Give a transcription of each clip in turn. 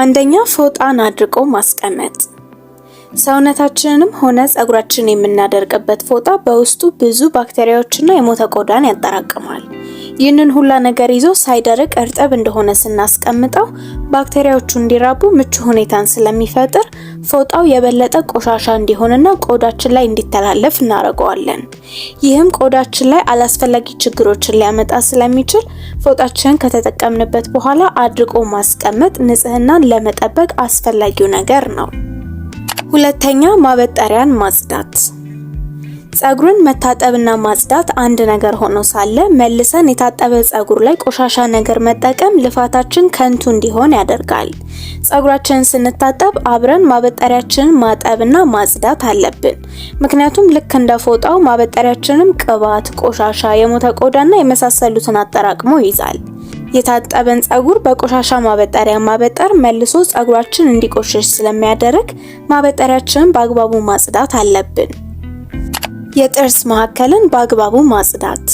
አንደኛ ፎጣን አድርቆ ማስቀመጥ ሰውነታችንንም ሆነ ጸጉራችንን የምናደርቅበት ፎጣ በውስጡ ብዙ ባክቴሪያዎችና የሞተ ቆዳን ያጠራቅማል። ይህንን ሁላ ነገር ይዞ ሳይደርቅ እርጥብ እንደሆነ ስናስቀምጠው ባክቴሪያዎቹ እንዲራቡ ምቹ ሁኔታን ስለሚፈጥር ፎጣው የበለጠ ቆሻሻ እንዲሆንና ቆዳችን ላይ እንዲተላለፍ እናደርገዋለን። ይህም ቆዳችን ላይ አላስፈላጊ ችግሮችን ሊያመጣ ስለሚችል ፎጣችንን ከተጠቀምንበት በኋላ አድርቆ ማስቀመጥ ንጽህናን ለመጠበቅ አስፈላጊው ነገር ነው። ሁለተኛ ማበጠሪያን ማጽዳት። ጸጉርን መታጠብና ማጽዳት አንድ ነገር ሆኖ ሳለ መልሰን የታጠበ ጸጉር ላይ ቆሻሻ ነገር መጠቀም ልፋታችን ከንቱ እንዲሆን ያደርጋል። ጸጉራችንን ስንታጠብ አብረን ማበጠሪያችንን ማጠብና ማጽዳት አለብን። ምክንያቱም ልክ እንደ ፎጣው ማበጠሪያችንም ቅባት፣ ቆሻሻ፣ የሞተ ቆዳና የመሳሰሉትን አጠራቅሞ ይይዛል። የታጠበን ጸጉር በቆሻሻ ማበጠሪያ ማበጠር መልሶ ጸጉራችን እንዲቆሸሽ ስለሚያደርግ ማበጠሪያችንን በአግባቡ ማጽዳት አለብን። የጥርስ ማዕከልን በአግባቡ ማጽዳት።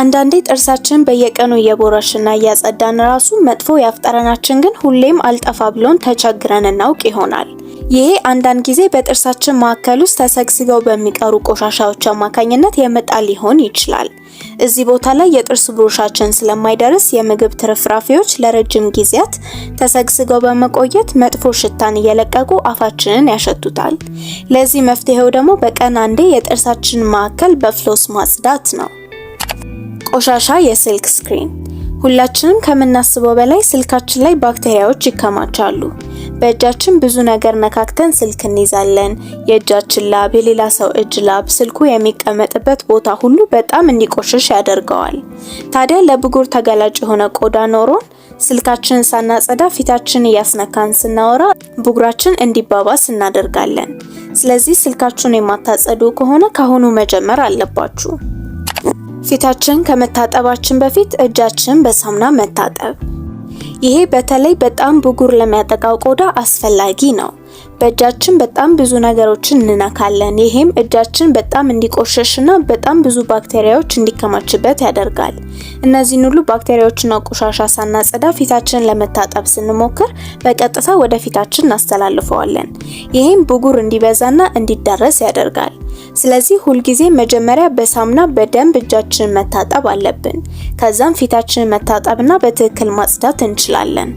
አንዳንዴ ጥርሳችንን በየቀኑ እየቦረሽና እያጸዳን ራሱ መጥፎ ያፍጠረናችን ግን ሁሌም አልጠፋ ብሎን ተቸግረን እናውቅ ይሆናል። ይሄ አንዳንድ ጊዜ በጥርሳችን ማዕከል ውስጥ ተሰግስገው በሚቀሩ ቆሻሻዎች አማካኝነት የመጣ ሊሆን ይችላል። እዚህ ቦታ ላይ የጥርስ ብሩሻችን ስለማይደርስ የምግብ ትርፍራፊዎች ለረጅም ጊዜያት ተሰግስገው በመቆየት መጥፎ ሽታን እየለቀቁ አፋችንን ያሸቱታል። ለዚህ መፍትሄው ደግሞ በቀን አንዴ የጥርሳችን ማዕከል በፍሎስ ማጽዳት ነው። ቆሻሻ የስልክ ስክሪን ሁላችንም ከምናስበው በላይ ስልካችን ላይ ባክቴሪያዎች ይከማቻሉ። በእጃችን ብዙ ነገር ነካክተን ስልክ እንይዛለን። የእጃችን ላብ፣ የሌላ ሰው እጅ ላብ ስልኩ የሚቀመጥበት ቦታ ሁሉ በጣም እንዲቆሽሽ ያደርገዋል። ታዲያ ለብጉር ተጋላጭ የሆነ ቆዳ ኖሮን ስልካችንን ሳናጸዳ ፊታችን እያስነካን ስናወራ ብጉራችን እንዲባባስ እናደርጋለን። ስለዚህ ስልካችሁን የማታጸዱ ከሆነ ካሁኑ መጀመር አለባችሁ። ፊታችን ከመታጠባችን በፊት እጃችን በሳሙና መታጠብ ይሄ በተለይ በጣም ብጉር ለሚያጠቃው ቆዳ አስፈላጊ ነው። በእጃችን በጣም ብዙ ነገሮችን እንነካለን። ይሄም እጃችን በጣም እንዲቆሸሽና በጣም ብዙ ባክቴሪያዎች እንዲከማችበት ያደርጋል። እነዚህን ሁሉ ባክቴሪያዎችና ቆሻሻ ሳናጸዳ ፊታችንን ለመታጠብ ስንሞክር በቀጥታ ወደ ፊታችን እናስተላልፈዋለን። ይሄም ብጉር እንዲበዛና እንዲዳረስ ያደርጋል። ስለዚህ ሁልጊዜ መጀመሪያ በሳሙና በደንብ እጃችንን መታጠብ አለብን። ከዛም ፊታችንን መታጠብና በትክክል ማጽዳት እንችላለን።